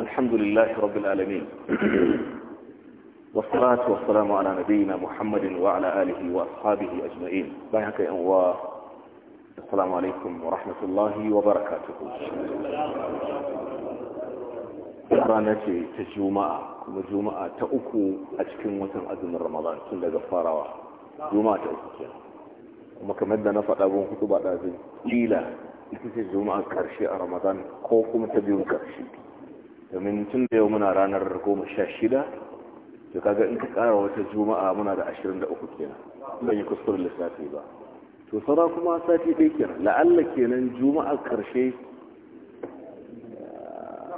الحمد لله رب العالمين والصلاة والسلام على نبينا محمد وعلى آله وأصحابه أجمعين بايك أنواع السلام عليكم ورحمة الله وبركاته أرانا تجومة كما تأكو أجكم وتن أزم رمضان كل غفارة جومة تأكو وما كمدنا نفق أبو خطبات لازم إلى إذا جومة كرشي رمضان خوفكم تبيون كرشي domin tun da yau muna ranar goma sha shida da kaga in ka kara wata juma'a muna da ashirin da uku kenan ban yi kuskure lissafi ba to sara kuma sati ɗaya kenan la'alla kenan juma'a karshe eh,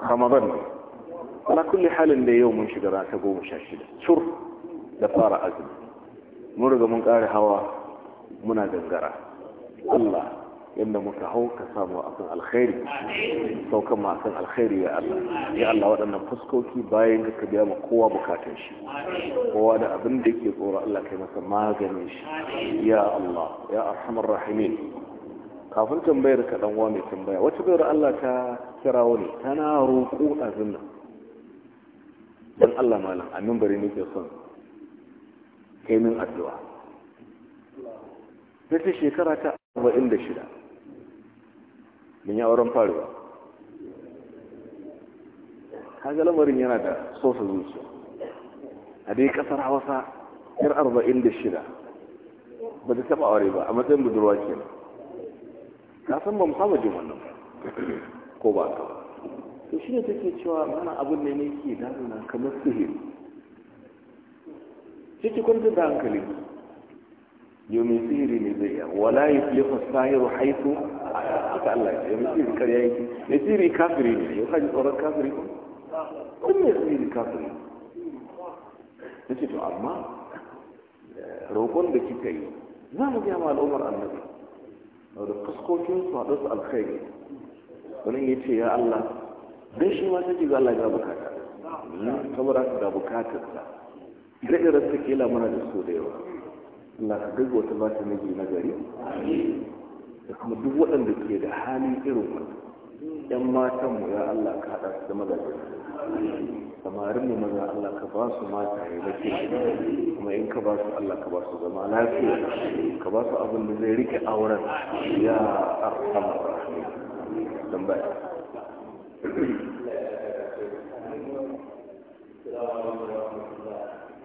ramadan ne ala kulli halin da yau mun shiga rana ta goma sha shida cur da fara azumi mun riga mun kare hawa muna gangara Allah yadda muka hau ka samu kan alkhairi saukan ma kan alkhairi ya Allah ya Allah waɗannan fuskoki bayan ka biya ma kowa bukatun shi kowa da abin da yake tsoro Allah kai masa maganin shi ya Allah ya arhamar rahimin kafin tambayar ka dan mai tambaya wata bayar Allah ta kira wani tana roƙo a zinna dan Allah malam a mimbari nake son kai min addu'a ta shekara ta 46 mun yi auren faruwa kaga lamarin yana da sosa zuciya a dai kasar hausa yar arba'in da shida ba ta taɓa aure ba a matsayin budurwa ke ka san ba musamman jin wannan ko ba ka to shi ne take cewa mana abin ne ne ke damuna kamar sihiri ciki kwanci da hankali yomi sihiri ne zai yi wala yi fiye fasahiru haifu haka Allah ya misiri kar yayi misiri kafiri ne yau kaji tsoron kafiri ko kun ne misiri kafiri na ce to amma eh, roƙon da kika yi za mu gaya ma al'ummar annabi da fuskokin su haɗu su alkhairi wani ya ce ya Allah dan shi ma ta ce ga Allah ga bukata hmm, saboda ka ga bukatarsa ire-iren su kela mana da su da yawa Allah ka gaggauta ba ta miji na gari da kuma duk waɗanda ke da halin irin wani yan matan mu ya Allah ka haɗa su da mazaje samarin mu maza Allah ka ba su mata ya zake kuma in ka ba su Allah ka ba su zama lafiya ka ba su abin da zai rike auren ya arhamar rahim dan bai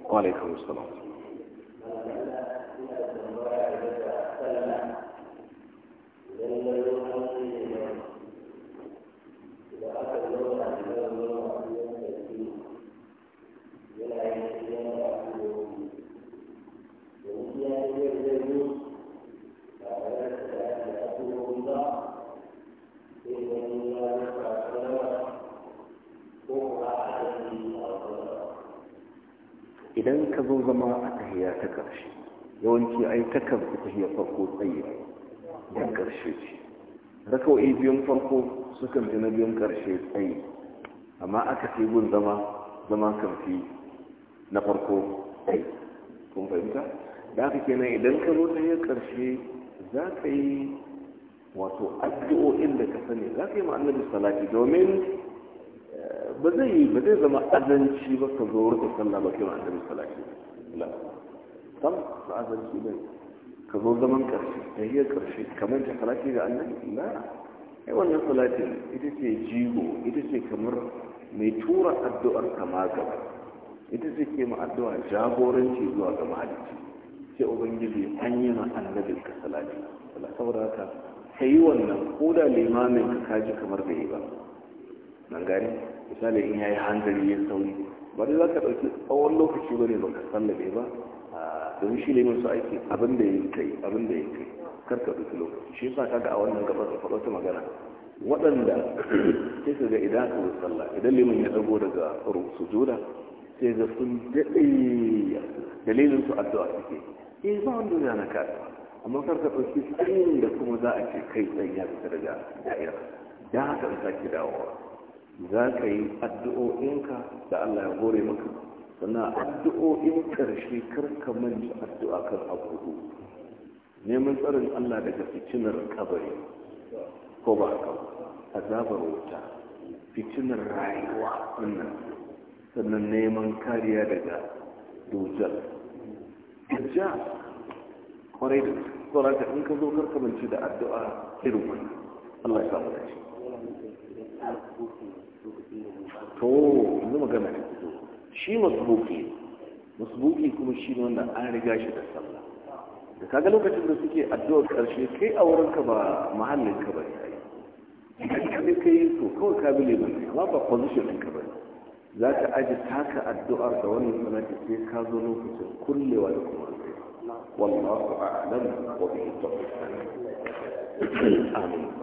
وعليكم السلام idan ka zo zama a tahiya ta ƙarshe yawanci ai ta kansu tahiya farko tsaye da ƙarshe ce rakawai biyun farko sukan fi na biyun ƙarshe tsaye amma aka fi gun zama zama kan fi na farko tsaye kun fahimta da aka kenan idan ka zo tahiyar ƙarshe za ka yi wato addu'o'in da ka sani za ka yi ma'anar annabi salati domin ba zai ba zai zama azanci ba ka zo wurin sallah ba kai ma sallallahu salati wasallam sam ba azanci ne ka zo zaman karshe da yi karshe kamar ta salati ga annabi N'a ai wannan salati ita ce jigo ita ce kamar mai tura addu'ar kama gaba ita ce ke ma addu'a jagoranci zuwa ga mahalicci sai ubangiji an yi ma annabi ka salati saboda haka ka yi wannan ko da limamin ka kaji kamar bai yi ba nan gari misali in ya yi hanzari ya sauri ba dai za ka ɗauki tsawon lokaci ba ne ba ka san ne ba ah, domin shi ne min su aiki abin da ya kai abin da ya kai kar ka ɗauki lokaci shi yasa kaga a wannan gabar ka faɗo ta magana waɗanda sai su ga idan aka sallah idan limin ya ɗago daga sujuda sai ga sun daɗe dalilin su addu'a suke eh ba wanda zai na kaɗa amma kar ka ɗauki tsayin da kuma za a ce kai tsayin ya fita daga da'ira da haka in sake dawowa za ka yi addu'o'inka da Allah ya gore maka sannan addu'o'in ƙarshe karka manta addu'a kan abubu. neman tsarin Allah daga fitinar kabari ko ba ka azabar wuta fitinar rayuwa wannan sannan neman kariya daga dujal ja kwarai da tsoraka in ka zo karkamanci da addu'a irin wannan Allah ya samu da shi to yanzu magana ne shi masbuki masbuki kuma shi ne wanda an riga shi da sallah da kaga lokacin da suke addu'a karshe kai a wurinka ba mahallin ka bane kai kai to kawai ka bile ba amma ba position ɗinka ne. za ka aji taka addu'ar da wannan salati sai ka zo lokacin kullewa da kuma sai wallahu a'lam wa bihi tawfiq amin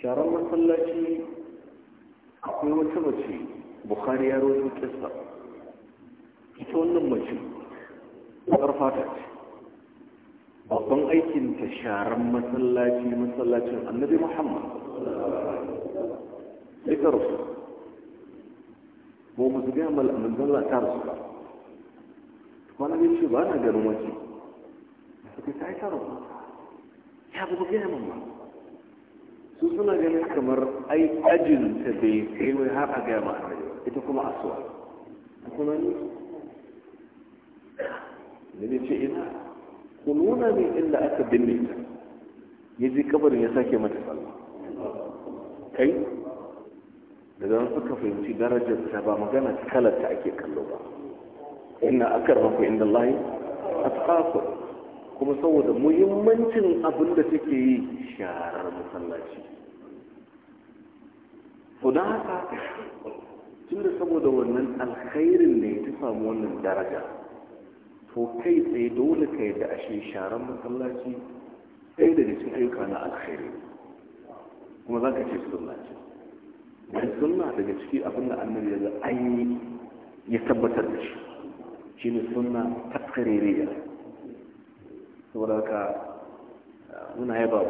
Sharon masallaci akwai wata mace bukhari ya rawaito kissa ita wannan mace bakar ta ce babban aikin ta sharan masallaci masallacin annabi muhammad sai ka mu ba su gaya manzan Allah ta rasu ba kuma ne ce ba na ganin wace suka ta yi ta rasu ya ba gaya man ba su suna ganin kamar ai ajin ta bai kai wai har a gaya ba ita kuma asuwa kuma ne da ne ce ina ku nuna ne inda aka binne ta ya je kabarin ya sake mata kai daga suka fahimci darajar ta ba magana kalar ta ake kallo ba inna inda indallahi atqakum kuma saboda muhimmancin abin da take yi sharar masallaci to don haka tun da saboda wannan alkhairin ne ta samu wannan daraja to kai tsaye dole ka yi da ashe sharar masallaci ɗaya daga cikin ayyuka na alkhairi kuma za ka ce sunna dan sunna daga ciki abin da annabi yanzu an yi ya tabbatar da shi suna sunna takririya saboda ka muna yaba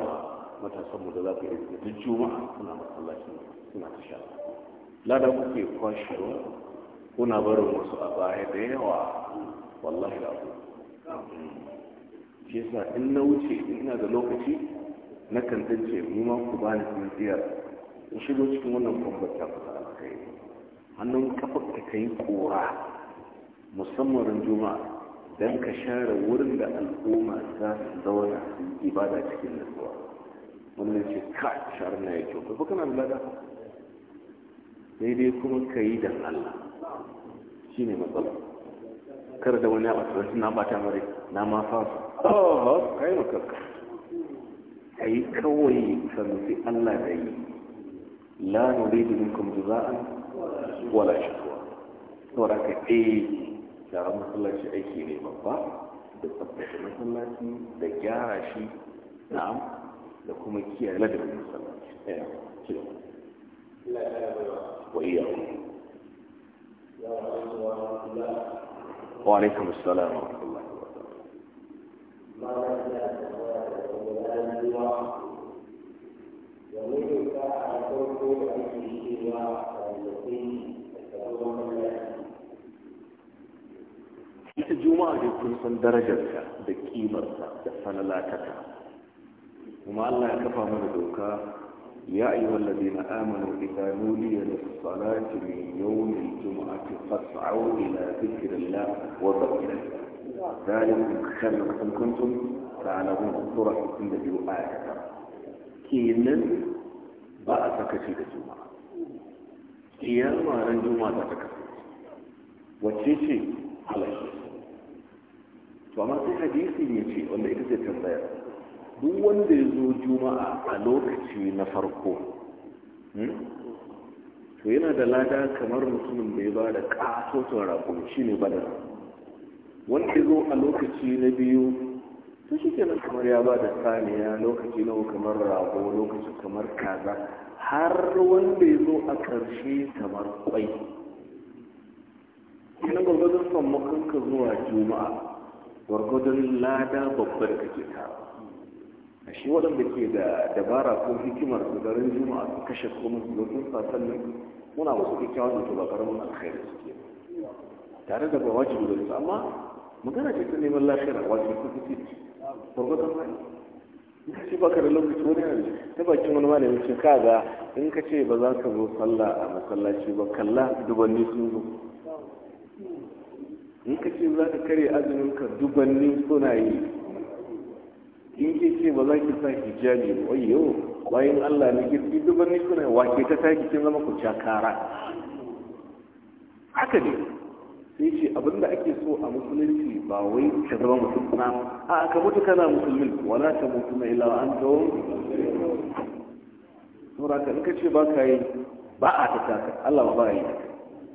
matasan mu da za ku yi da juma'a suna masallaci suna ta sha lada kuke ruwa kuna barin wasu a baya da yawa wallahi da abu shi yasa in na wuce ina da lokaci na kan tance mu ma ku bani tsintsiyar in shigo cikin wannan kwamfata kusa kai hannun kafa ka kai kora musamman ranjuma juma'a don ka share wurin da al'umma za su zauna su ibada cikin nasuwa. wannan ce ka share na ya kyau ba kana da lada daidai kuma ka yi don allah shi ne matsala kar da wani a ɓata na ta mare na ma fasa oh ka yi makarka ka yi kawai ka nufi allah da yi لا نريد منكم جزاء ولا شكوى تورك اي يا رب الله شيء ني مبا بتطبق مثل ماشي دجار شيء نعم لكم كي على درب لا لا لا ويا الله وعليكم السلام ورحمه الله وبركاته ومن ساعة تقول أنه سوى اليقين ita juma'a dai kun san darajarka da kimarsa da falalakaka kuma Allah ya kafa mana doka ya ayi wallazi na amanu idza nudiya lis salati min yawm al jum'ati fas'au ila dhikrillah wa dhikrillah ذلك خير إن كنتم تعلمون سورة 62 آية kenan ba a sakaci da juma'a kiyama maran juma'a za ta kasance wacce ce halashi to amma sai hadisi ne ce wanda ita ce tambayar duk wanda ya zo juma'a a lokaci na farko hmm? to yana da lada kamar mutumin da ya ba da ƙasoton rakon shi ne da wanda ya zo a lokaci na biyu to shi nan kamar ya ba da saniya lokaci nawa kamar rago lokaci kamar kaza har wanda ya zo a ƙarshe kamar kwai ina gwargwadon sammakonka zuwa juma'a gwargwadon lada babbar da kake tara a shi waɗanda ke da dabara ko hikimar su garin juma'a su kashe kuma su zurfin sasannin muna wasu kyakkyawan da ba karamin alkhairi suke tare da ba wajibi da su amma magana ce ta neman lafiyar wajibi ko ta gwargwadon hali in ka ce ba da lokaci wani yanzu ta bakin wani malami ce ka ga in ka ce ba za ka zo sallah a masallaci ba kalla dubanni sun zo in ka ce za ka kare azumin ka dubanni suna yi in ke ce ba za ki sa hijabi ba wayo bayan Allah ne girki dubanni suna yi wake ta taki kin zama ku cakara haka ne sai ce abinda ake so a musulunci ba wai ka zama musulma a ka mutu kana musulmin wala ta mutu mai lawa an tawo saboda ka in ka ce ba ka yi ba a ta taka Allah ba yi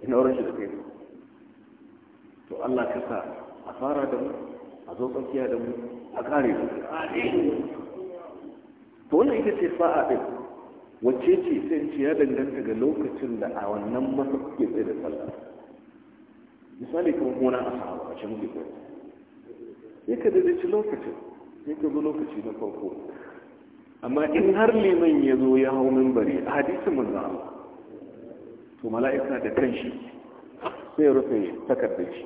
ina wurin shi da kai to Allah ka sa a fara da mu a zo tsakiya da mu a kare mu to wannan ita ce fa'a din wacce ce sai ce ya danganta ga lokacin da a wannan masa ke tsaye da sallah misali kuma kuna a sahaba a can gudu sai ka ci lokacin sai ka zo lokaci na farko amma in har liman ya zo ya hau mimbari a hadisin manzo Allah to mala'ika da kanshi sai rufe takardar shi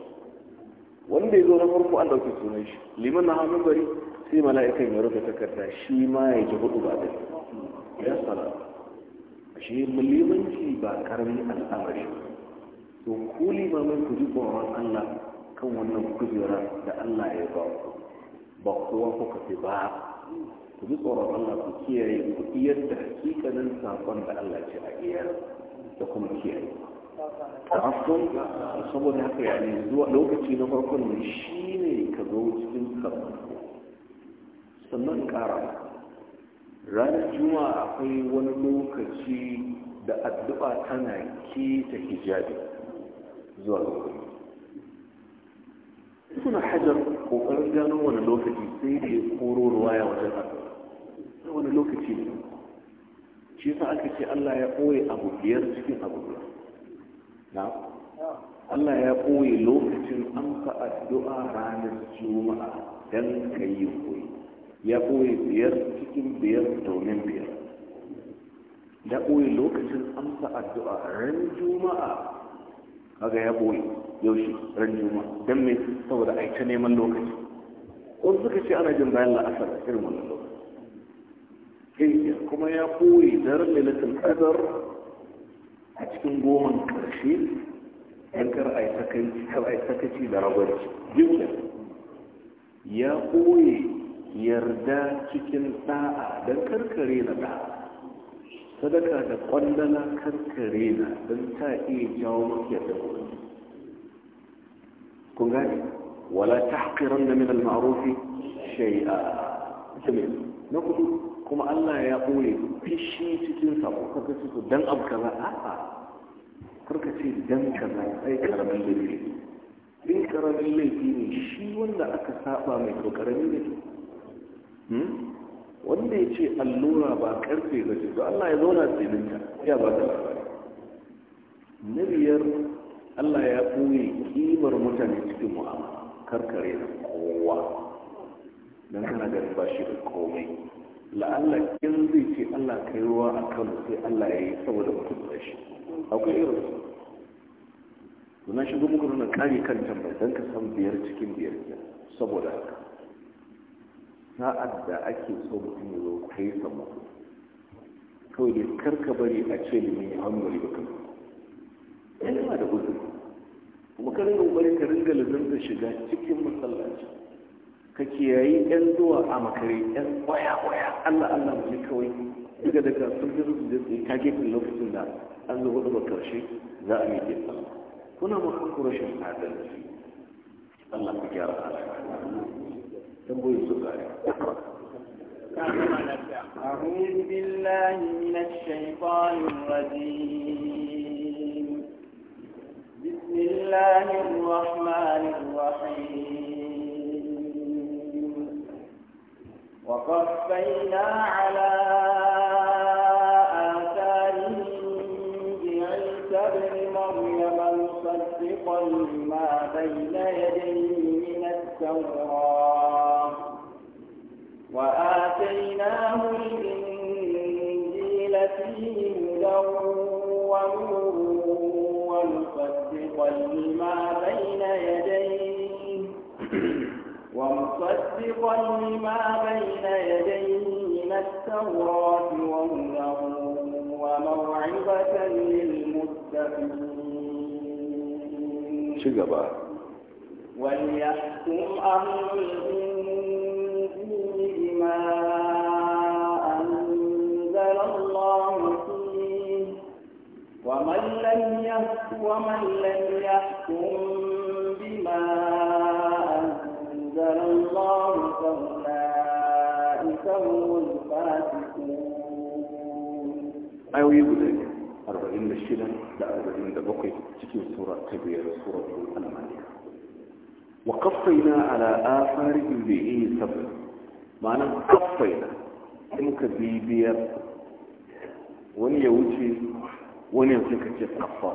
wanda ya zo na farko an dauke sunan shi liman na hau mimbari sai mala'ikan ya rufe takarda shi ma ya ji hudu ba da ya sala shi mulimanci ba karami al'amari ba to ku limamai ku ji tsoron Allah kan wannan kujera da Allah ya ba ku ba kowa kuka fi ba ku ji tsoron Allah ku kiyaye ku iyar da hakikanin sakon da Allah ce a iyar da kuma kiyaye ta'affun saboda haka ya zuwa lokaci na farkon ne shi ne ka zo cikin karfafa sannan ƙara ranar juma'a akwai wani lokaci da addu'a tana keta hijabi zuwa ga suna hajar ƙoƙarin gano wani lokaci sai da ya koro ruwaya wajen haka Sai wani lokaci ne shi sa aka ce Allah ya ɓoye abu biyar cikin abu biyar na Allah ya ɓoye lokacin an fa'a addu'a ranar juma'a don ka yi koyi ya ɓoye biyar cikin biyar domin biyar ya ɓoye lokacin amsa addu'a ran juma'a kaga ya boye yaushe ran juma dan me saboda ai ta neman lokaci wasu suka ce ana jin bayan la'asar irin wannan lokaci kirkiya kuma ya boye daren lailatul qadar a cikin goma karshe dan kar ai sakaci da rabanci jiya ya boye yarda cikin da'a dan karkare na da'a sadaka da kwallana karkare na don ta iya jawo maka yadda kun gani wala ta haƙiran da min al-ma'arufi shai'a jimin na kudu kuma allah ya ɓoye fishi cikin sabo kaka ce to don abu kaza a'a karka ce don kaza ai karamin laifi in karamin laifi ne shi wanda aka saba mai to karamin laifi wanda ya ce allura ba karfe da ce to allah ya zauna tsirinta ya ba ta labari na biyar allah ya ɓoye kimar mutane cikin mu'amala karkare da kowa don kana da ba shi da komai la'alla in zai ce allah kai ruwa a kan sai allah ya yi saboda mutum da shi akwai irin su na shigo muku na kare kan bai don ka san biyar cikin biyar saboda haka sa'ad da ake so mutum ya zo kai sa mutu kawai dai karka bari a ce da mai hannu wani bakan yana da uzuri kuma ka ringa ƙoƙarin ka ringa da shiga cikin masallaci ka yayi yan zuwa a makare yan waya waya allah allah mu kawai daga daga sun fi su da tsaye ka gefen lokacin da an zo hudu karshe za a yi sallah kuna mafi rashin adalci allah ku gyara alaƙa أعوذ بالله من الشيطان الرجيم بسم الله الرحمن الرحيم وقفينا على مريم مصدقا لما بين يديه من التوراه وآتيناه الإنجيل فيه هدى ونور ومصدقا لما بين يديه ومصدقا لما بين يديه من التوراة وهدى وموعظة للمتقين شكرا وليحكم أهل الإنجيل أنزل الله فيه ومن لم يحكم ومن لم يحكم بما أنزل الله فأولئك هم الفاسقون أيوة يقول أربعين للشدة لا أربعين لبقي تكون سورة كبيرة سورة المانية وقفينا على آثاره بعيسى Ma'anin ma'anar na in ka bibiyar wani ya wuce wani ya suka ce kafa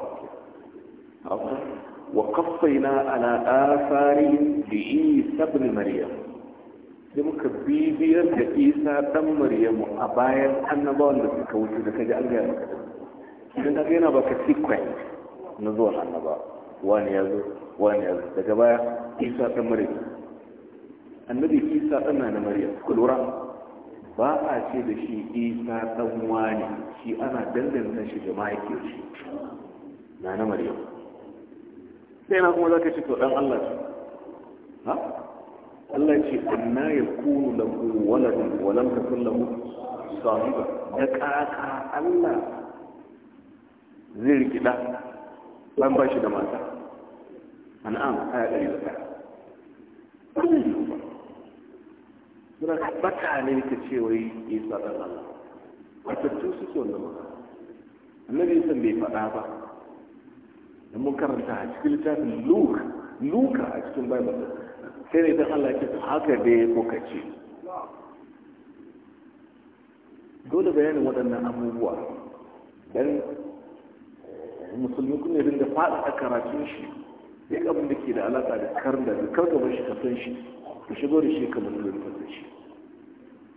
wa na ana asari da isa bin maryam sai muka bibiyar da isa dan maryamu a bayan annabawan da suka wuce da kaji an gaya maka idan ka yana baka sequence na zuwan annaba wani ya zo wani ya zo daga baya isa dan maryamu annabi isa ɗan na maryam suka lura ba a ce da shi isa ɗan wani shi ana danganta shi da mahaifiyar shi na na maryam sai na kuma za ka ce to ɗan allah ha Allah ce anna ya kunu lahu waladun walam takun lahu sahiba da kaka Allah zai rikida ban bashi da mata an'am da ɗaya. suna ka bata ne ka ce wai isa ɗan Allah wata su suke wannan magana annabi san bai faɗa ba da mun karanta a cikin littafin luka luka a cikin bible sai ne dan Allah ke ce haka ya koka ce dole bayanin waɗannan abubuwa dan musulmi kun ne da a karatun shi duk abin da ke da alaƙa da karnar da karnar shi ka san shi ku shigo da shi kamar da rufar da shi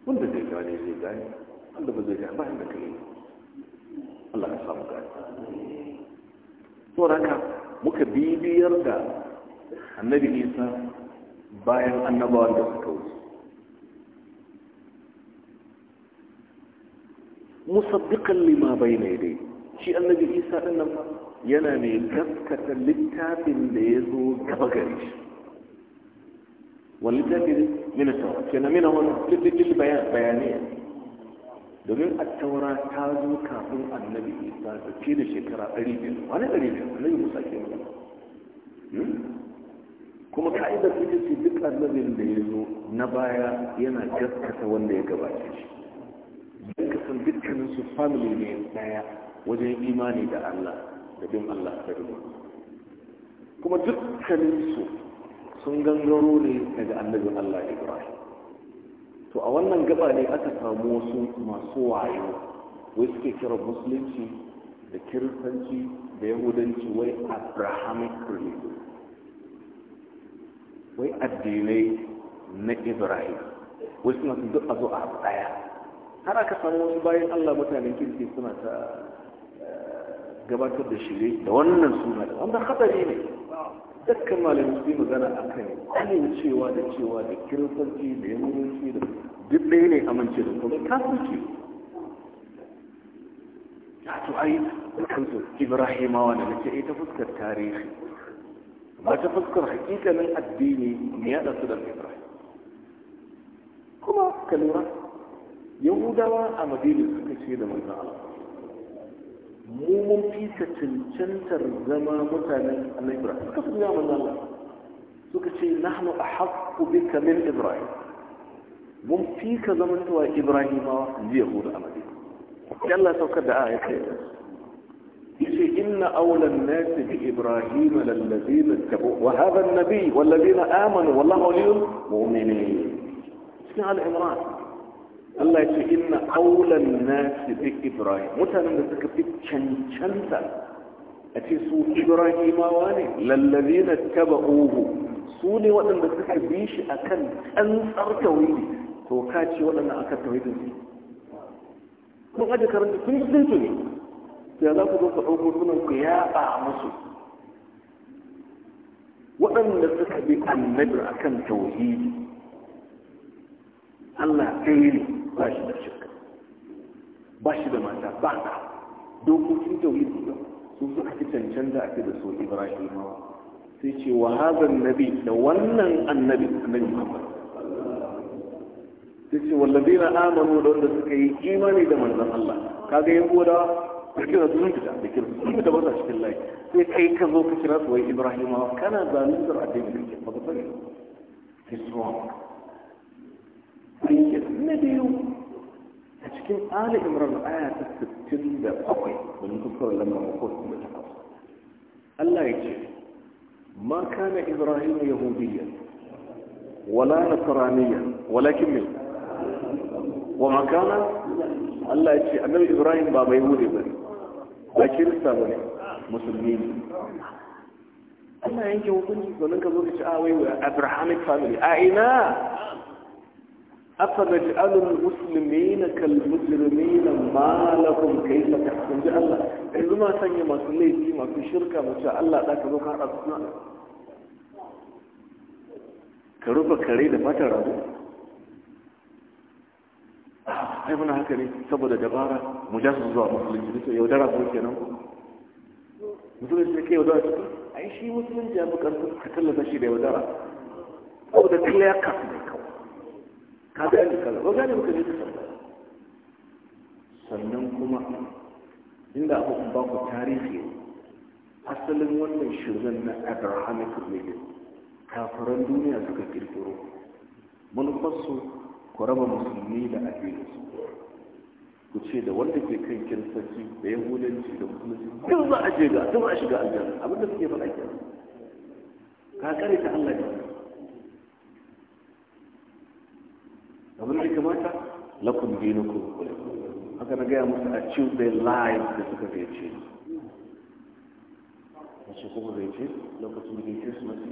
wanda zai gane zai gane wanda ba zai gane ba inda kai Allah ka samu gane saboda haka muka bibiyar da annabi isa bayan annabawan da suka wuce musaddiqan lima bayna yadayhi shi annabi isa din nan yana mai gaskata littafin da ya zo gaba gare shi والذكر من التوراة كان من هنا كل bayan بيانية domin a taura ta zo kafin annabi isa da ke da shekara ɗari biyar wani ɗari biyar annabi musa ke magana hmm? kuma ka'idar ita ce duk annabin da ya zo na baya yana gaskata wanda ya gabace shi don ka san dukkanin su family ne daya wajen imani da allah da bin allah da kuma dukkanin su sun gangaro ne daga annabin Allah Ibrahim to a wannan gaba ne aka samu wasu masu wayo wai suke kira musulunci da kiristanci da yahudanci wai abrahamic religion wai addinai na ibrahim wai suna su duk a zo a daya har aka samu wasu bayan allah mutanen kirki suna ta eh, gabatar da shirye da wannan suna da wanda hadari ne dukkan malami su magana a kai kan cewa da cewa da kiristanci da yamurinci da duk ɗaya ne amince da kuma suke. ya to ai kansu ibrahimawa da nace ita eh, fuskar tarihi ba ta fuskar hakikanin addini ne ya su da ibrahim kuma ka lura yahudawa a madina suka ce da manzan allah mu mun fi ka cancantar zama mutanen Allah Ibrahim suka sun yawon Allah suka ce nahnu ahqqu bika min Ibrahim mun fi ka zama cewa Ibrahimawa ji Yahudu a Madina Allah saukar da aya kai yace inna awla an-nas bi Ibrahim lallazina tabu wa hadha an-nabi wallazina amanu wallahu waliyul mu'minin cikin al-Imran Allah ya ce inna aulan nasi bi Ibrahim mutanen da suka fi cancanta a ce su Ibrahimawa ne lallazina tabauhu su ne waɗanda suka bi shi akan tsantsar tauhidi to ka ce waɗannan akan tauhidin su kun aje karanta sun yi sun ne ya za ku zo ku ɗauko sunan ku yaɓa musu waɗanda suka bi annabi akan tauhidi Allah ɗaya ne ba shi da shirka ba shi da mata ba ka dokokin tauhidi ba su suka fi cancanta a da so ibrahim sai ce wa hazan nabi da wannan annabi annabi muhammad sai ce wallazi na amanu da wanda suka yi imani da manzan allah kaga yan godawa da kira su sun fita da kira su sun fita ba cikin layi sai kai ka zo ka kira su wai ibrahim kana zanen zar addini kake ba ka sani sai su ɗaya na biyu a cikin ali imran aya ta 67 wani kusurar lamar ko kuma ta kawo Allah ya ce ma kana ibrahim yahudiyya wala nasraniyya walakin min wa ma kana Allah ya ce annabi ibrahim ba bai hude bane ba kirista bane musulmi ne Allah yanke hukunci domin ka zo ka ci ah, a wai abrahamic family a ina na المسلمين كالمجرمين ما لكم كيف تحكم جاء الله إذا ما سنيا ما سليتي ما في شركة ما شاء الله لا كذوك Ka أصنع kare كريدة ما ترى ai muna haka ne saboda dabara mu ja su zuwa musulunci da yaudara ko kenan musulunci ne kai yaudara ciki ai shi musulunci ya fi ka tallata shi da yaudara saboda kila ya kasu ka ga yadda kaza ba gane baka ne ka tambaya sannan kuma inda aka ba ku tarihi asalin wannan shirin na abrahamic religion kafiran duniya suka kirkiro manufarsu ku raba musulmi da addininsu ku ce da wanda ke kan kiristanci da yahudanci da musulunci duk za a je ga duk a shiga aljanna abinda suke faɗa kenan ka kare ta Allah ne abin da kamata lakum dinukum haka na gaya musu a choose their lives da suka zai ce wasu kuma zai ce lokacin da ya su masu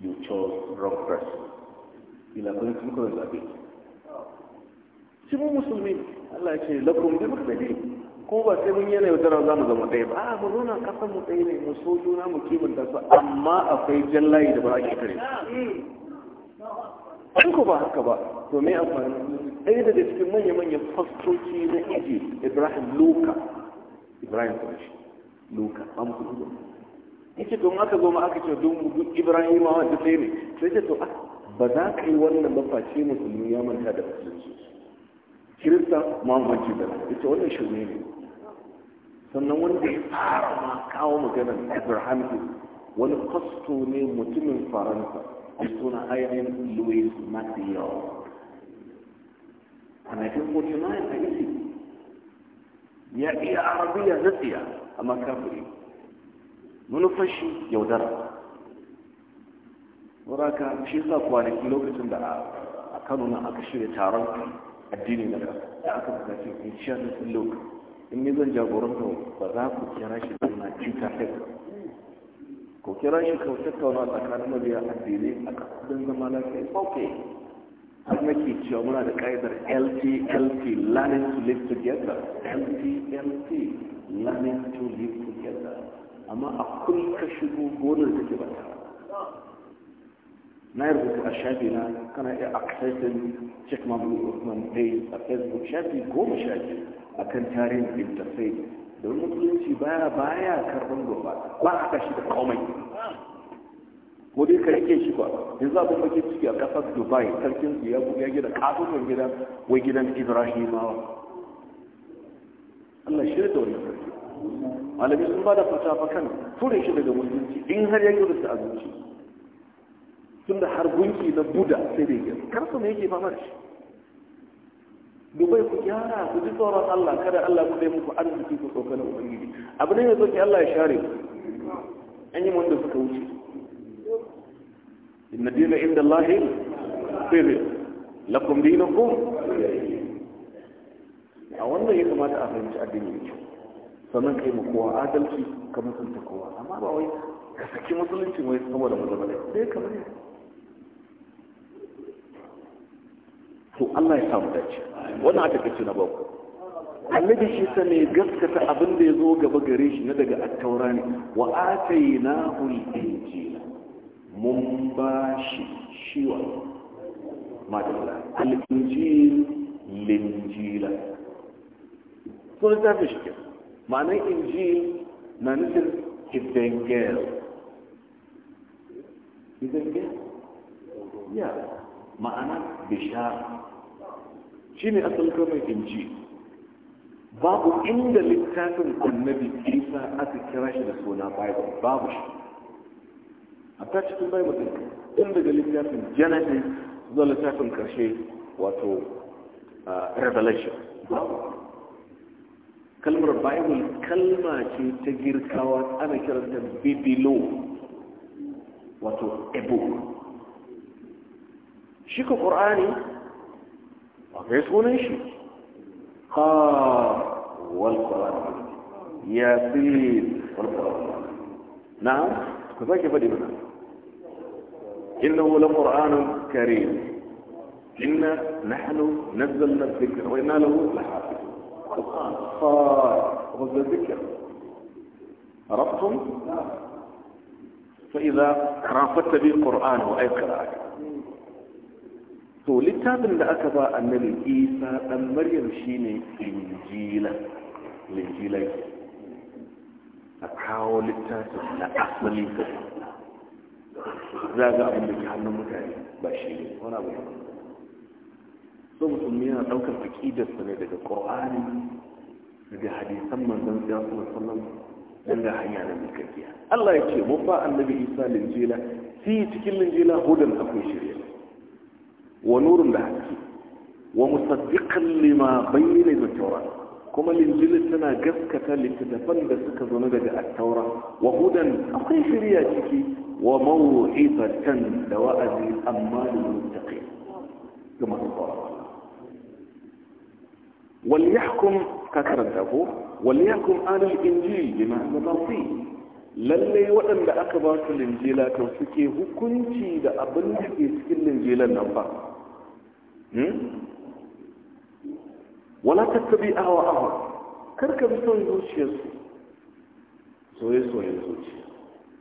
you chose wrong person ila kuma kuma kawai zaɓe shi mu musulmi Allah ya ce lakum dinukum da ne ko ba sai mun yana yaudara za mu zama ɗaya ba a mu zauna ƙasar mu ɗaya ne mu so juna mu kimanta su amma akwai jan layi da ba a kare an ko ba haka ba to me amfani ɗaya daga cikin manya manya fastoci na iji ibrahim luka ibrahim kwanci luka an kudu ya ce to aka zo ma aka ce don duk ibrahim wa duk ɗaya ne sai ce to ah, ba za ka yi wannan ba face musulmi ya manta da musulunci kirista muhammanci da ya ce wannan shirme ne sannan wanda ya fara ma kawo maganar ibrahim wani fasto ne mutumin faransa a suna ainihin louis mathieu 1949 a isi ya iya arabiya na tsiya amma kafiri manufar shi yaudara wadaka shi sa kwanaki lokacin da a kano na aka shirya taron addini na da aka bukaci in ciyar da sun lokaci in ni zan jagoranta ba za ku kira shi da na cuta haka ko kira shi ka tattauna tsakanin mabiya addini a kasar zama lafiya ok har nake cewa muna da ƙa'idar ltlp learning to live together ltlp learning to live together amma a ka shigo gonar da ke bata na yi rubuta a shafi na kana iya accessing check mabu usman page a facebook shafi goma shafi a kan tarihin interface don musulunci baya baya karɓar gaba ba a kashi da komai ko dai ka rike shi ba za mu fake ciki a ƙasar dubai sarkin su ya gida ƙatoton gidan wai gidan ibrahimawa Allah shi da wani sarki malami sun ba da fa kan ture shi daga musulunci in har ya yi da abinci tun da har gunki na buda sai da yake karsa ne yake fama da shi dubai ku gyara ku ji tsoron Allah kada Allah ku dai muku arziki ku tsoka ubangiji abu ne mai tsoki Allah ya share an yi wanda suka wuce inna dina inda Allah sirri lakum dinukum a wannan ya kamata a fahimci addini ne sannan kai mu kowa adalci ka mutunta kowa amma ba wai ka saki musulunci wai saboda mazabalai sai ka bari to Allah ya samu dace wannan aka kace na baku annabi shi sa ne gaskata abin da ya zo gaba gare shi na daga at-taurani wa atainahu al-injila mun ba shi shiwa madalla al'injil linjila sun tafi shi ke ma'anar injil na nufin evangel evangel ya ma'ana bishara shi ne asalin kamar injil babu inda littafin annabi isa aka kira shi da suna bible babu shi a ta cikin bai mutum in daga littafin genesis zuwa littafin karshe wato revelation kalmar bible kalma ce ta girkawa ana kiranta bibilo wato ebo shi ka ƙorani a kai sunan shi ha wal ƙorani ya fi wal ƙorani na ku zaki faɗi mana إنه لقرآن كريم إنا نحن نزلنا الذكر وإنا له لحافظون القرآن خارق وهذا الذكر عرفتم؟ فإذا رافت به القرآن وأي قراءة فلتاب اللي أكبى أن الإيسى أمر يمشيني في الجيلة الجيلة أحاول التاتب لأصل الذكر za ga abin da ke hannun mutane ba shi ne wani abu ne so musulmi yana ɗaukar aƙidarsa ne daga ƙur'ani daga hadisan manzan sai wasu musulman don ga hanya na mikakkiya Allah ya ce mun ba annabi Isa linjila fi cikin linjila hudan akwai shirya wa nurun da haske wa musaddiqan lima bayyana da tawrat kuma linjili tana gaskata littattafan da suka zo daga attaura wa hudan akwai shirya ciki wa mawu'ifatan da wa'azi amma da mutaqi ga masu tsoron wal yahkum ka karanta ko wal yahkum alal injil bima nazarti lallai waɗanda aka ba su linjila to suke hukunci da abin da ke cikin linjilan nan ba hmm? wala tattabi awa awa karka bi son zuciyarsu soye soyen zuciya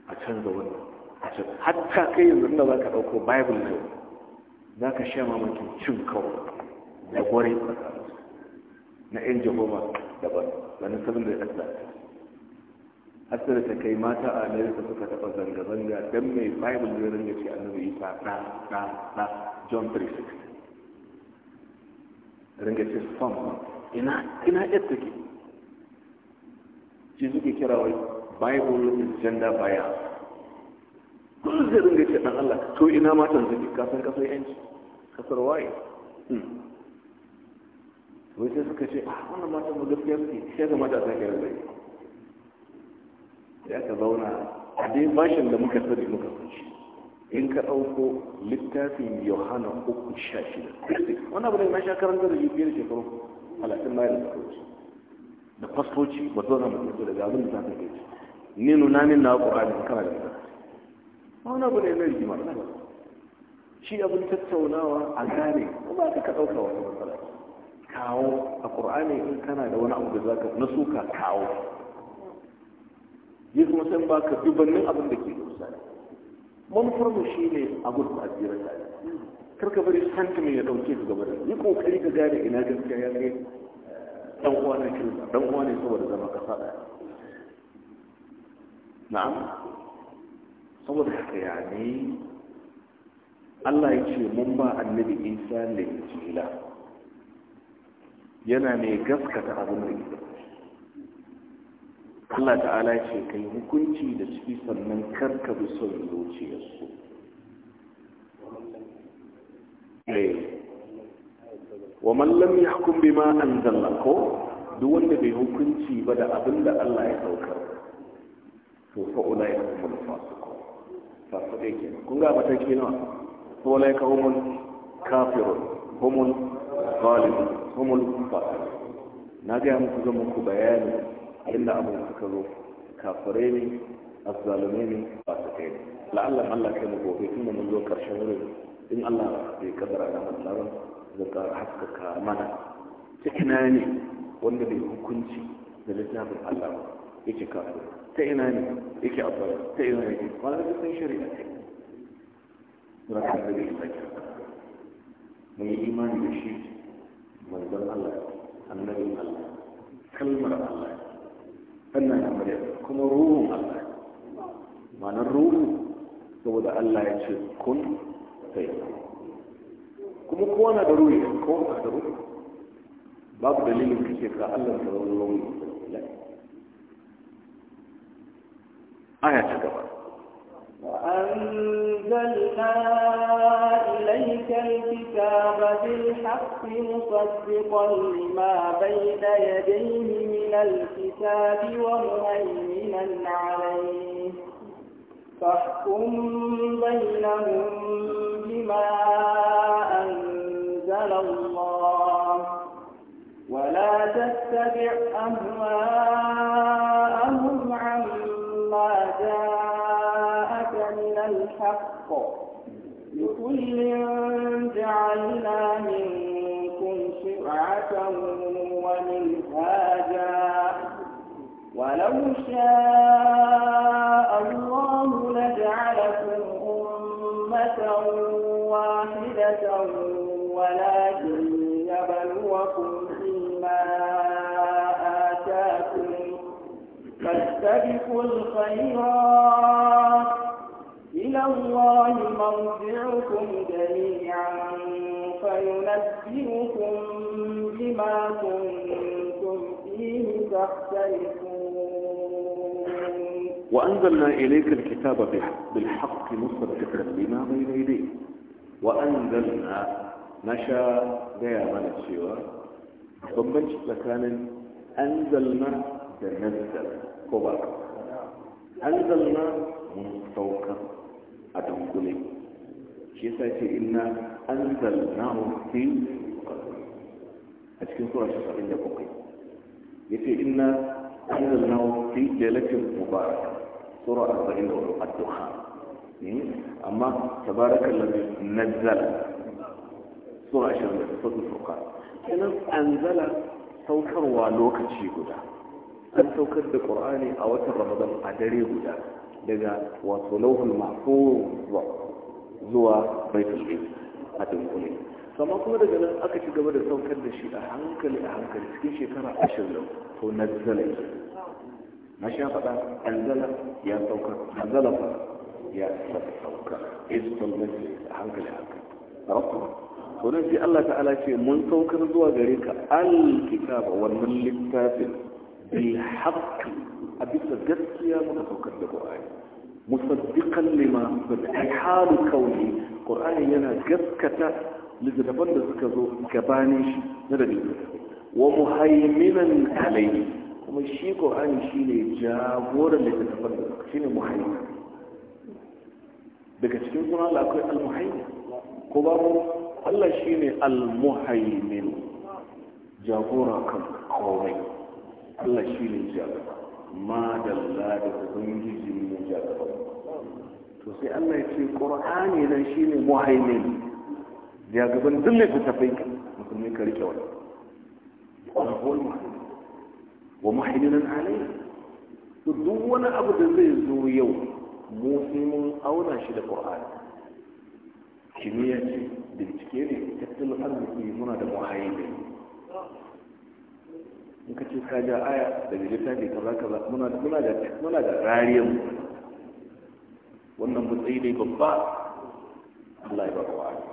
a canza wannan hatta kai yanzu da za ka ɗauko bible ne za ka sha mamakin cin kawo da gwari na yan jehova daban wani sabon da ya ɗasa da ta kai mata a amerika suka taɓa zanga-zanga don mai bible ne ringa ce annabi isa ɗa ɗa ɗa john 3:6. ringa ce son ina ina yadda take shi suke kira wai bible is gender bias duk zai ce dan Allah to ina ma tanzani ka san kasar yanci kasar waye hmm. wai sai suka ce a ah, wannan matan mu gaskiya suke sai ga mata ta kira zai ya ka zauna a dai bashin da muka sani muka kunshi in ka ɗauko littafin yohana uku sha shida wani abu da ya sha karanta da fiye da shekaru talatin bayan da suka da fasfoci ba zo na mutum da gabin da za ka gaji ni nuna min na ƙorani kana da wani abu ne mai rigima ba shi abin tattaunawa a gane ko ba ka ka ɗauka wata matsala kawo a ƙur'ani in kana da wani abu da zaka ka na suka kawo yi kuma sai ba ka dubannin abin da ke dosa manufar mu shi ne abin da ajiyar ta ne karka bari santimin ya ɗauke ka gaba da yi ƙoƙari ka gane ina gaskiya ya kai eh, ɗan uwa ne kirista ɗan uwa ne saboda zama ƙasa ɗaya na'am saboda haka ya ne Allah ya ce mun ba annabi Isa ne jila yana ne gaskata abin da ke Allah ta'ala ce kai hukunci da ciki sannan karka bi son zuciyarsu wa mallam ya hukum bi ma an ko duk wanda bai hukunci ba da abin da Allah ya saukar to fa'ula ya kuma fasu ba kun ga mataki nawa ko lai ka humul kafirun humul zalimun humul fasir na ga muku zan muku bayani inda abun suka zo kafirai ne azzalumai ne fasikai ne la'allan Allah kai mu gobe tun da mun zo karshen wurin in Allah bai kadara da mun tsaron zai ƙara haskaka mana cikin ne wanda bai hukunci da littafin Allah ba yake kafin ta ina ne yake abbara ta ina ne ba da sun shari'a ta yi kan da bai sake mun yi imani da shi manzon Allah annabin Allah kalmar Allah sannan amarya kuma ruhun Allah ma'anar ruhu saboda Allah ya ce kun ta kuma kowa na da ruhi kowa na da ruhi babu dalilin kake ka Allah ta zama ruhi آية تكبر وأنزلنا إليك الكتاب بالحق مصدقا لما بين يديه من الكتاب ومهيمنا عليه فاحكم بينهم بما أنزل الله ولا تتبع أهواءهم الحق لكل جعلنا منكم شرعة ومنهاجا ولو شاء الله لجعلكم أمة واحدة ولكن يبلوكم فيما آتاكم فاستبقوا الخيرات الله مرجعكم جميعا فينبئكم بما كنتم فيه تختلفون وأنزلنا إليك الكتاب بالحق مصدقا لما بين يديه وأنزلنا نشا دائما السوى cewa bambanci انزلنا تنزل كبر انزلنا nazzal a dunkule shi yasa ce inna anzalnahu fi a cikin sura 77 yace inna anzalnahu fi lailatin mubarak sura da wani addu'a. Hmm? amma na zala. tabarakallazi nazzala sura 20 sura furqan kenan anzala saukarwa lokaci guda an saukar da qur'ani a watan ramadan a dare guda daga wato lauhul mahfuz zuwa baitul ilmi a dunkule Sama kuma daga nan aka ci gaba da saukar da shi a hankali a hankali cikin shekara ashirin to na zala na sha faɗa an zala ya saukar an zala fa ya saukar izbal mace a hankali a hankali a to nan sai Allah ta'ala ce mun saukar zuwa gare ka alkitaba wannan littafin بالحق أبي صدقت يا مدفوك مصدقا لما في حال كوني قرآن ينا قذكت لذنبان بذكذو كبانش نبني ومهيمنا عليه ومشي قرآن شيني جاور لذنبان بذكذو شيني مهيم بك القرآن قرآن لأكوي المهيم قبارو الله شيني المهيم جاورا كم قوين Allah shi ne jagaba ma dalla da ubangiji ne jagaba to sai Allah ya ce qur'ani nan ne muhaimin gaban duk ne tafai musulmi ka rike wannan wa muhaimin wa muhaimin to duk wani abu da zai zo yau mu mun auna shi da qur'ani kimiyya ce bincike ne tattalin arziki muna da muhaimin in ka ce ka ja aya daga littafi kaza kaza muna da muna da muna da rariyar mu wannan matsayi ne babba Allah ya baka wa'ala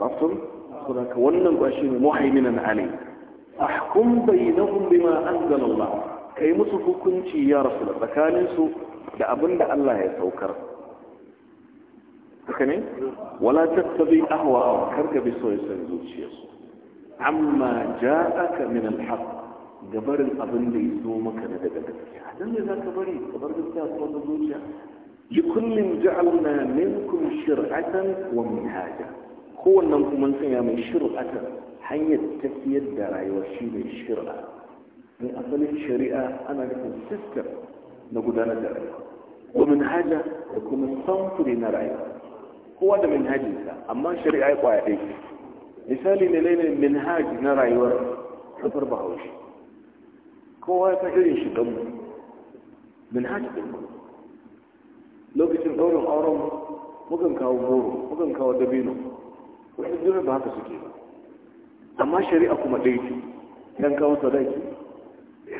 arafun saboda wannan ba shi ne muhaiminan alai ahkum bainahum bima anzala Allah kai musu hukunci ya rasul tsakanin su da abinda Allah ya saukar haka ne wala tattabi ahwa karka bi soyayyen zuciyarsu عما جاءك من الحق قبر الأبن ليسومك ندبك هذا ذا كبري قبر الكاس وضبوجة لكل جعلنا منكم شرعة ومنهاجة هو أنه من سيام شرعة حي التسيد دراي وشي من الشرعة من أصل الشريعة أنا لكم سيستر نقول أنا دراي ومنهاجة لكم الصمت لنا رأيه هو هذا منهاج أما الشريعة يقوى عليك misali ne ne haji na rayuwar kafar bahaushe kowa ya fahimci irin shigan mu minhaj lokacin ɗaurin auren mukan kawo goro mukan kawo dabino wani jira ba haka suke ba amma shari'a kuma ɗaya ce yan kawo sadaki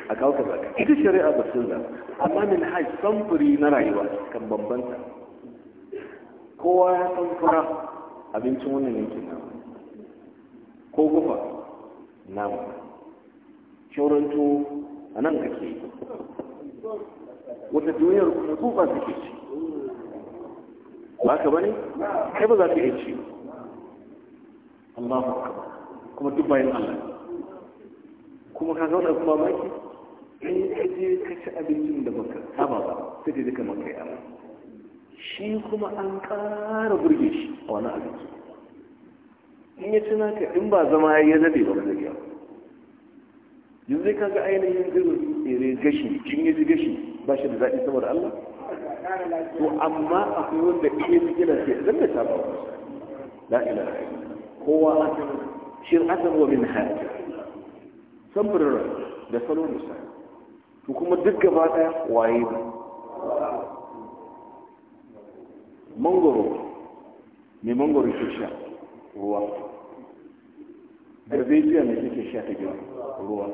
a kawo ka zaka ita shari'a ba sun da amma minhaj samfuri na rayuwa kan bambanta kowa ya samfura abincin wannan yankin nawa ko gufa nama shoranto a nan kake wata duniyar kuma tsufa suke ci ba ka bane kai ba za ka iya ci Allahu ba kuma duk bayan Allah kuma ka zauna kuma maki in ka je ka ci abincin da baka saba ba sai dai duka kamar kai amma shi kuma an ƙara burge shi a wani abinci in ya ci naka in ba zama ya yi zabe ba zai yau yanzu zai kaga ainihin irin tsere gashi cin ya ji gashi ba shi da zaɗi saboda Allah to amma akwai wanda ke ji gina sai zan da saba la ila kowa akan asar wa min hajj sabrar da salon musa to kuma duk gaba daya waye ba mangoro me mangoro ke sha ruwa darbejiya mai take sha ta gina ruwa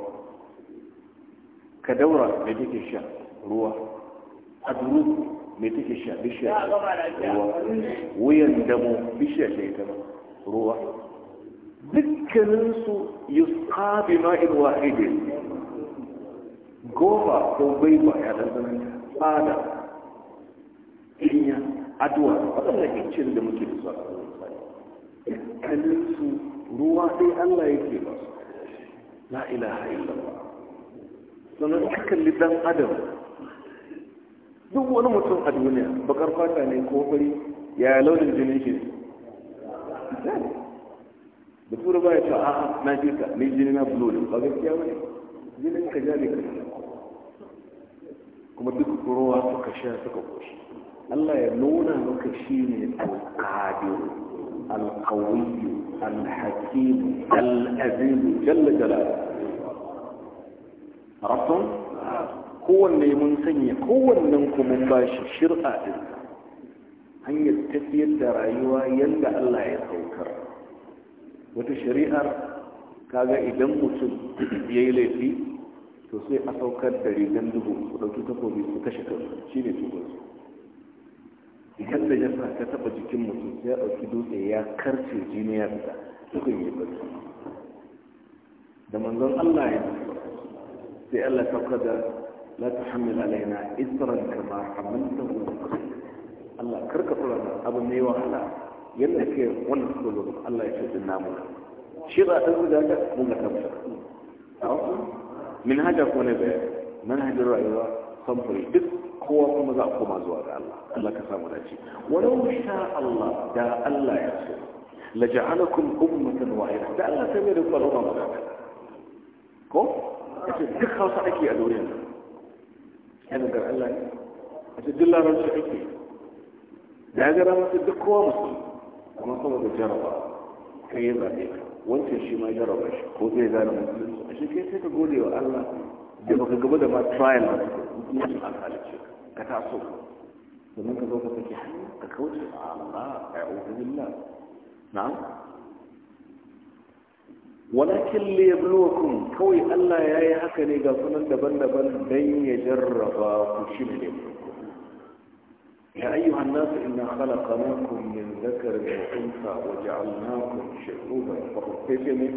kadaura mai take sha ruwa aduru mai take sha bishiya ruwa wuyan damo bishiya ce ita ruwa dukkaninsu yusqa bi ma'in wahidin goma ko baiwa ya dandanan tsada inya aduwa waɗannan iccen da muke da su a dukkaninsu ruwa ɗai Allah yake ba la ilaha illallah sannan ka kalli dan adam duk wani mutum a duniya bakar fata ne ko fari ya launin jinin shi da ba ya ta na ji ka ni jini na ne ba gaskiya ba jinin ka ka kuma duk ruwa suka sha suka koshi Allah ya nuna maka shi ne alƙadiru القوي الحكيم الأذين جل جلاله ربهم هو اللي منسني هو منكم من مباش شرقة هن ترى الدرعيوة يلقى الله يتوكر وتشريئة كذا إذن مسل يلي في تصيح أتوكر تريدن دهو ولو تتقو بيسو تشكر شيني تقول idan da jasa ta taba jikin mutum ya ɗauki dutse ya karce jini ya fita tukun yi bari da manzon Allah ya sai Allah ta kada la tuhammil alaina isran kama hamaltahu Allah karka fara abu mai wahala yadda ke wannan sulu Allah ya ce namu shi ba ta guda ga mun ga tabbata a wasu min haja ko ne bai manhajar rayuwa samfuri duk kowa kuma za a koma zuwa ga Allah Allah ka samu dace walau sha Allah da Allah ya so la ja'alakum ummatan wahida da Allah ta mai da kwaloma guda ko ce duk hausa ake a duniyar nan yana da Allah ne kace duk larabci ake da ya gara masa duk kowa musulmi amma saboda jaraba kai ya zaɓe ka wancan shi ma jaraba shi ko zai gane musulunci a shi kai sai ka gode wa Allah da baka gaba da ma trial na musulunci an halicce كتعصب ومن كذوك تكيحن كتعود الله أعوذ بالله نعم ولكن ليبلوكم كوي ألا يا هكذا يحكى نقصنا لبن لبن بن يجرب كشم يا أيها الناس إنا خلقناكم من ذكر وأنثى وجعلناكم شعوبا فقفشني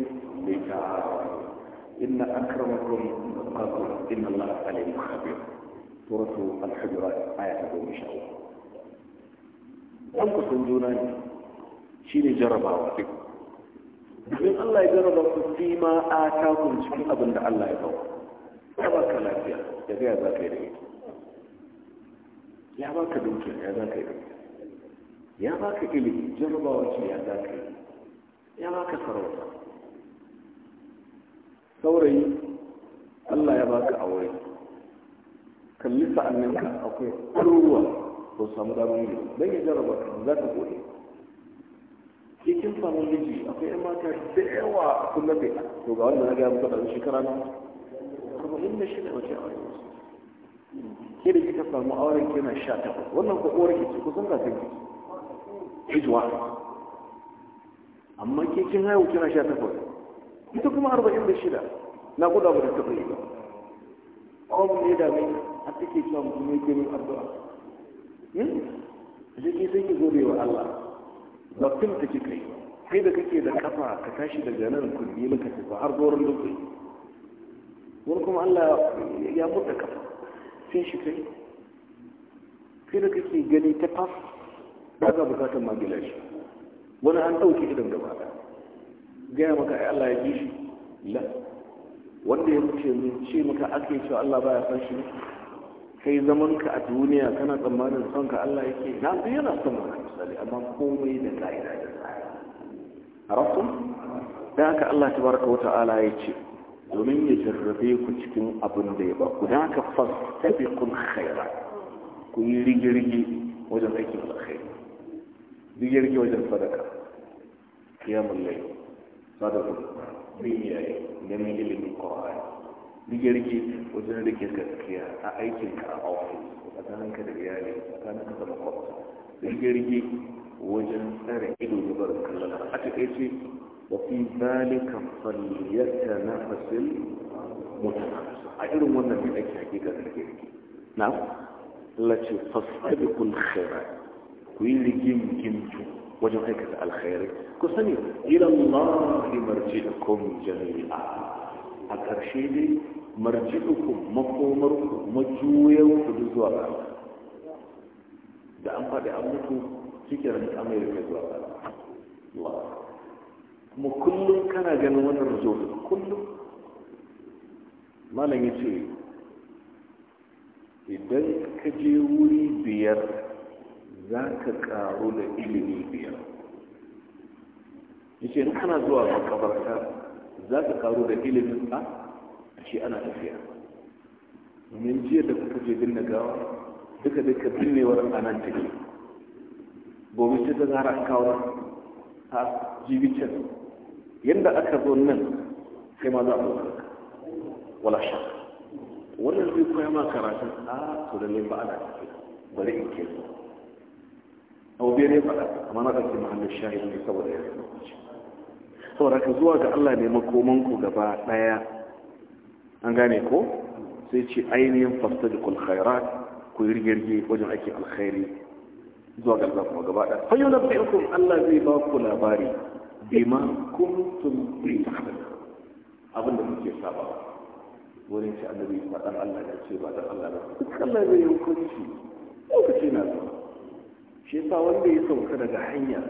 لتعاون إن أكرمكم قبل إن الله عليم خبير suratu al-hujurat aya ta goma sha uku dan kusan juna ne shine jarabawa Allah ya jarraba ku fi ma a takun cikin abin da Allah ya bawa ya ba ka lafiya ya ga za ka da ita ya ba ka dukiya ya za ya ba ka jarrabawa ya za Allah ya ba ka aure kalli sa'annin ka akwai ɗaruruwa ba samu damar yi don ya jarraba ka za ka goye cikin samun miji akwai yan mata da yawa a kullum da. to ga wanda na gaya muka ɗan shekara na arba'in da shida wace aure wasu ke da kika samu auren kina sha takwas wannan ko ƙorar ki ce kusan ga kan ki ijuwa amma ke kin haihu kina sha takwas ita kuma arba'in da shida na guda ba da taɓa yi ba. Kwan ne da mai har take cewa mutum ya ke min addu'a hmm? a shi sai ki gode wa Allah ba tun ta kika yi kai da kake da kafa ka tashi daga nan ku biyu ka tafi har goron lokaci wani kuma Allah ya da kafa sai shi kai kai ka kake gani ta fas ba ga bukatar magila shi wani an ɗauki idan da ba gaya maka ai Allah ya ji shi la wanda ya wuce mun ce maka ake cewa Allah baya san shi ne kai zamanka a duniya kana tsammanin son ka Allah yake na su yana son maka misali amma komai da ka'ida da tsari a rasu da haka Allah ta baraka wa ta'ala ya ce domin ya jarrabe ku cikin abin da ya ba ku da haka kun khaira ku yi rigirgi wajen aikin alkhairi rigirgi wajen sadaka qiyamul layl sadaka bin yayi ganin ilimin qur'ani rike-rike wajen rike ka tafiya a aikin ka a ofis tsakanin ka da iyali tsakanin ka da makwabta rike-rike wajen tsare ido da barin kallon a takaice wa fi zalika falliyata na fasil mutana a irin wannan ne ake hakika rike-rike na lace fasadikul khairat ku yi wajen aikata rigimgimtu وجمعية الخير كسني إلى الله مرجعكم جميعا a ƙarshe dai marji'ukum makomarku majuyanku da zuwa ba da an faɗi an mutu cikin ran zuwa ga kuma kullum kana ganin wannan result kullum malam ya ce idan ka je wuri biyar za ka karu da ilimi biyar ya ce in kana zuwa makabarta za ka karo da ilimin ka shi ana tafiya domin jiya da kuka je binne gawa duka duka binnewar a nan take domin ce ta zara kawo ta jibicin yadda aka zo nan sai ma za a wala sha wannan zai koya ma karatun a ah, to da ba ana tafiya bari in ke zo abu biyar ya faɗa amma na ɗauki mahallin shahidi saboda ya zama saboda ka zuwa ga Allah ne makomanku gaba daya an gane ko sai ce ainihin fastabiqul khairat ku yirgirge wajen ake alkhairi zuwa ga Allah kuma gaba daya fa yunabbi'ukum Allah zai ba ku labari bima kuntum bi ta'malun abin da kuke saba wurin shi annabi ba dan Allah ya ce ba dan Allah ba duk Allah zai hukunci lokaci na zuwa shi yasa wanda ya sauka daga hanya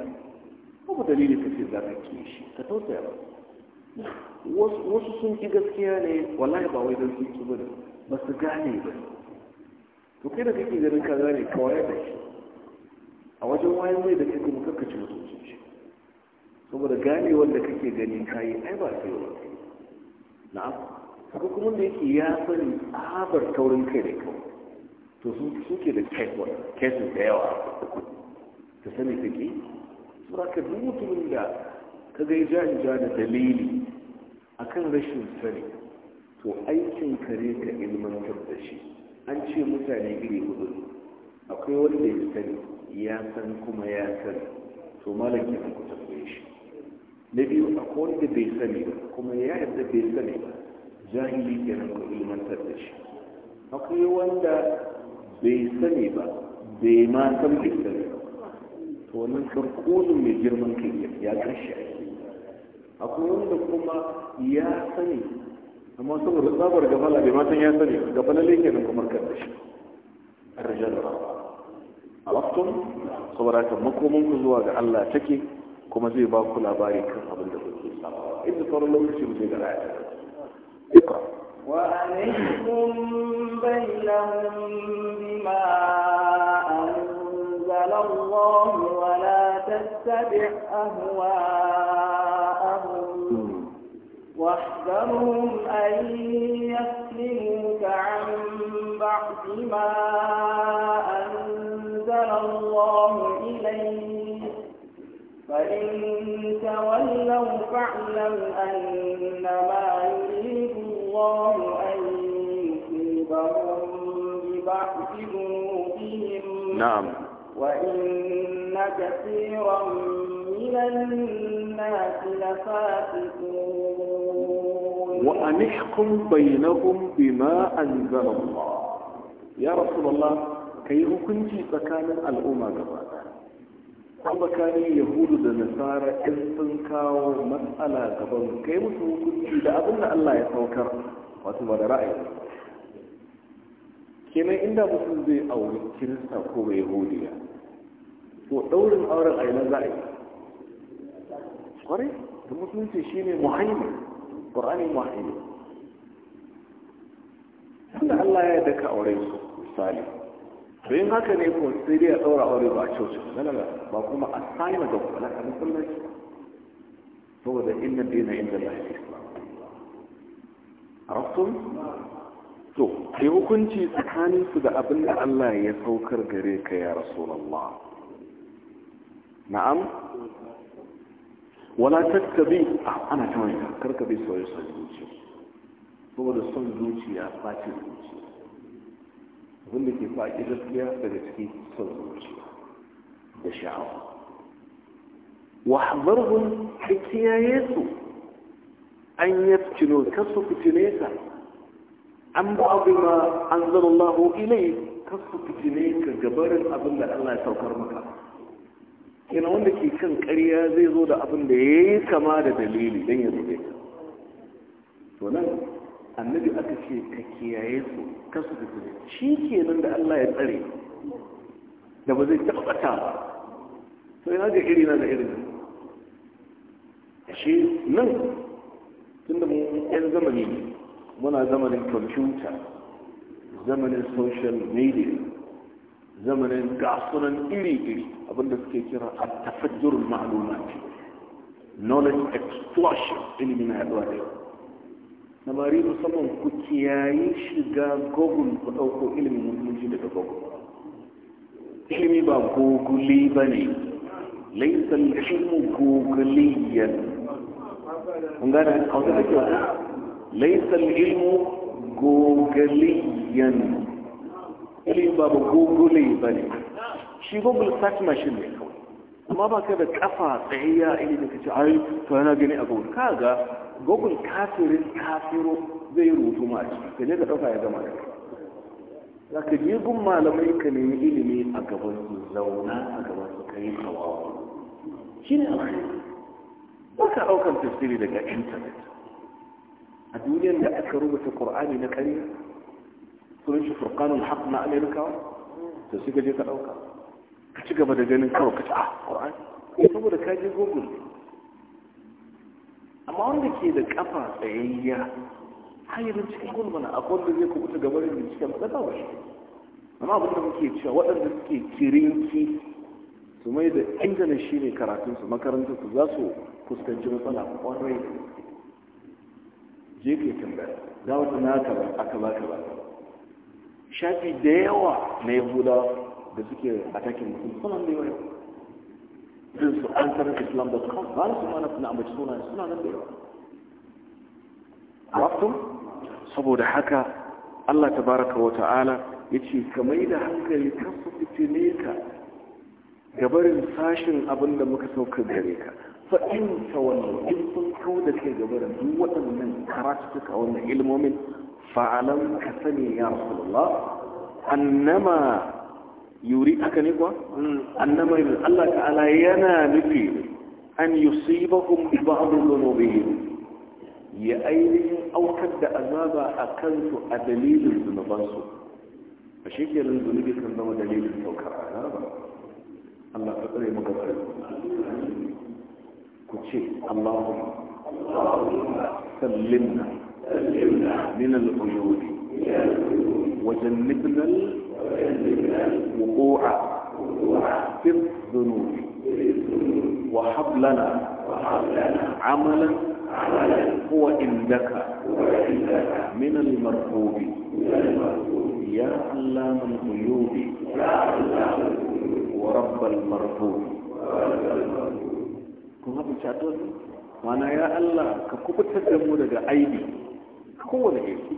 ba dalili ka ce za ka ki shi ka tausaya ba wasu sun ki gaskiya ne wallahi ba wai don sun ki ba ba su gane ba to kai da kake ganin ka gane ka wayar da shi a wajen wayan mai da kake kuma kace mutuncin shi saboda gane wanda kake gani ka yi ai ba sai ba na'am haka kuma da yake ya sani tsabar taurin kai da kawai to su suke da kai kesin da yawa ta sani kake ka duk mutumin da ka zai ja in ja da dalili a kan rashin sani to aikin kare ka ilmantar da shi an ce mutane iri hudu akwai wanda ya sani ya san kuma ya sani to malam ya ku tambaye shi na biyu akwai wanda bai sani ba kuma ya yadda bai sani ba jahili nan ku ilmantar da shi akwai wanda bai sani ba bai ma san bai sani ba to wannan karkonin mai girman kai ya gashi a kashi akwai wanda kuma ya sani amma saboda tsabar gafala bai matan ya sani gafala ne kenan kuma kan da shi arjan a waktun saboda kan makomin ku zuwa ga Allah take kuma zai ba ku labari kan abin da kuke sabawa inda sauran lokaci mu zai ga raya ikra wa alaikum bainahum bima واتبع أهواءهم واحذرهم أن يسلموك عن بعض ما أنزل الله إليك فإن تولوا فاعلم أنما يريد الله أن يصيبهم ببعض ذنوبهم نعم وإن كثيرا من الناس لفاسقون وأن احكم بينهم بما أنزل الله يا رسول الله كي hukunci tsakanin al'umma gaba kuma tsakanin yahudu da nasara in sun kawo matsala gaban kai musu hukunci da abin da Allah ya saukar wasu ba da ra'ayi kenan inda mutum zai auri kirista ko mai yahudiya وحول الأرض أي نزعي قري المسلم في شيء معين قرآن معين هل الله يدك أوريك سالي بين هكا نيكون سيريا أورا أوري بعد شوش لا لا لا باقوما أسايم دوك لا أنا أقول سمع هو ذا إن الدين عند الله الإسلام عرفتم؟ to ai hukunci tsakaninsu da abin الله Allah ya saukar gare ka الله rasulullah na'am wala tattabi ah, ana ta wani karka bai sauye son zuciya saboda son zuciya face zuciya abinda ke faɗi gaskiya daga ciki son zuciya da sha'awa wa habarhun ka kiyaye su an yaftino kasu fitine ka an ba abu ma an zama Allah ilai kasu fitine ka gabarin abin da Allah ya saukar maka Yana wanda ke kan ƙarya zai zo da abin da ya yi kama da dalili don ya zube to nan annabi aka ce ka kiyaye su kasu da zube shi ke nan da Allah ya tsare da ba zai taɓa ba to yana ga iri na da irin shi nan tun da mun yan zamani muna zamanin kwamfuta zamanin social media زمن قاصرا إلي إلي أبدا تكيرا التفجر المعلومات knowledge explosion إلي من هذا الوحيد نباريه صمم كتياي شغا قوغن فتوقو إلي من المنجد فتوقو إلي من بابوك لي بني ليس الحلم كوكليا ونغانا قوتك ليس الحلم كوكليا ilimin babu google ba ne shi google search machine ne kawai amma ba ka da kafa tsayayya ilimin ka ce ai to yana gani a google ka ga google kafirin kafiro zai rubutu ma ci ka je ka ɗauka ya gama da za ka je gun malamai ka nemi ilimi a gaban su zauna a gaban su kai kawawa shi ne alkhairi ba ka ɗaukar tafsiri daga intanet a duniyar da aka rubuta ƙur'ani na ƙarya sunan shi furqanul haq na amerika to su ka je ka dauka ka ci gaba da ganin kawai ka ci a ah, Ko eh, saboda ka je google amma wanda ke da kafa tsayayya hanyar cikin gulmana a wanda zai kubuta gabar binciken matsala ba shi amma abinda muke cewa waɗanda suke kirinki su mai da ingana shi ne karatunsu makarantar su za su fuskanci matsala kwarai je ke tambaya za wata na ka ba aka ba ka ba shafi da yawa na yahuda da suke a takin mutum suna da yawa irin su an sanar islam da kan ba su mana suna mace suna suna nan da yawa wato saboda haka Allah Ta baraka wa ta'ala yace ka mai da hankali kan su fitine ka gabarin sashin abin da muka sauka gare ka fa'in ta wannan in sun kau da kai gabarin duk waɗannan karatu suka wannan ilmomin fa'alam ka sani ya rasu rasulullah annama yuri aka ne kuwa annama yuri Allah ta'ala yana nufi an yusibahum bi ba'd dhunubihim ya ainihin aukar da azaba a kansu a dalilin zunubansu a shekarun zunubi kan zama dalilin saukar azaba Allah ta tsare maka tsare ku ce Sallin sallimna من العيون وجنبنا الوقوع في الذنوب وهب لنا عملا هو عندك من المرغوب يا علام الغيوب ورب المرغوب kuma ku cato mana ya Allah ka kubutar da mu daga aibi kowane gefe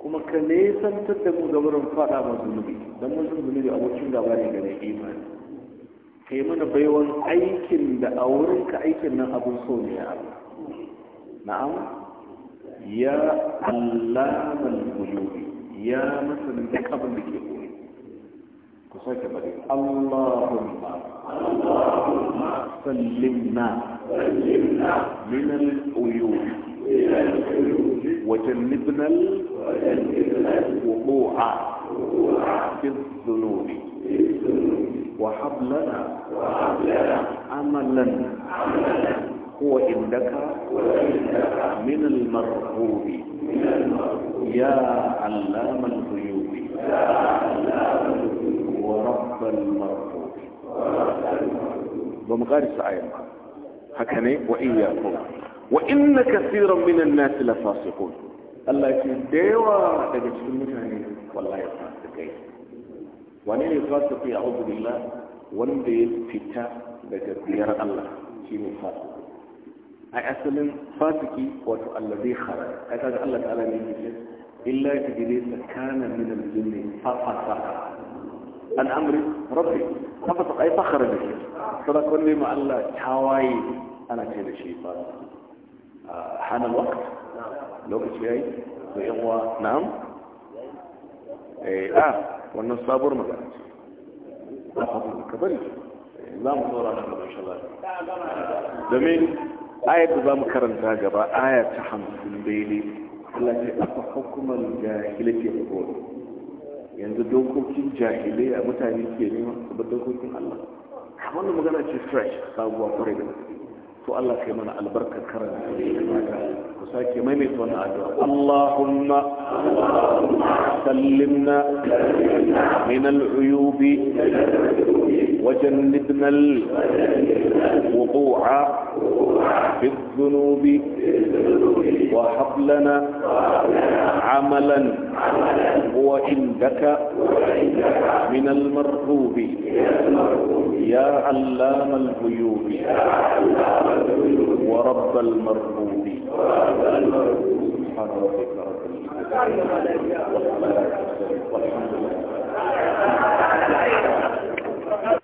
kuma ka nesantar da mu da wurin fada ba zunubi don mun zunubi da abokin gaba ne ga imani ka yi mana baiwan aikin da a wurin ka aikin nan abin so ne ya Allah na'am ya Allah zunubi ya masanin da abin da ke koyi ku sake bari Allahumma Allahumma sallimna sallimna min al-uyub وجنبنا الوقوع في الذنوب وحبلنا لنا عملا هو عندك من المرغوب يا علام الغيوب ورب المرغوب ومغارس عين haka ne wa iya ko wa inna kaseeran minan nas la fasiqun Allah ya da yawa daga cikin mutane wallahi kai wani ne fasiki a ubu billah wanda ya fita daga biyar Allah shi ne fasiki A asalin fasiki wato Allah zai kharaj a kaga Allah ta'ala ne yake illa idrisa kana min al-jinni fa fasaqa an amri rabbi fa fasaqa ai fakhara bihi sadaka ne ma Allah tawaye ana ce da shi ba A hannun wakt lokaci ya yi to yawa na'am eh, a ah, wannan sabuwar magana ce ba haɗu ka kabari. Eh, za mu tsora da gaba insha domin ayat da za mu karanta gaba aya ta hamsin daidai Allah ce afa hukumar jahilai ke hukumar yanzu dokokin jahilai a mutane ke neman su dokokin Allah wannan magana ce fresh sabuwa kwarai da gaske to Allah kai mana albarkar karanta ku sake maimaita wannan addu'a Allahumma sallimna min al-uyub wa jannibna al-wuqu'a بالذنوب وهب لنا عملا هو عندك من المرغوب يا علام الغيوب ورب المرغوب سبحان ربك رب العالمين والحمد لله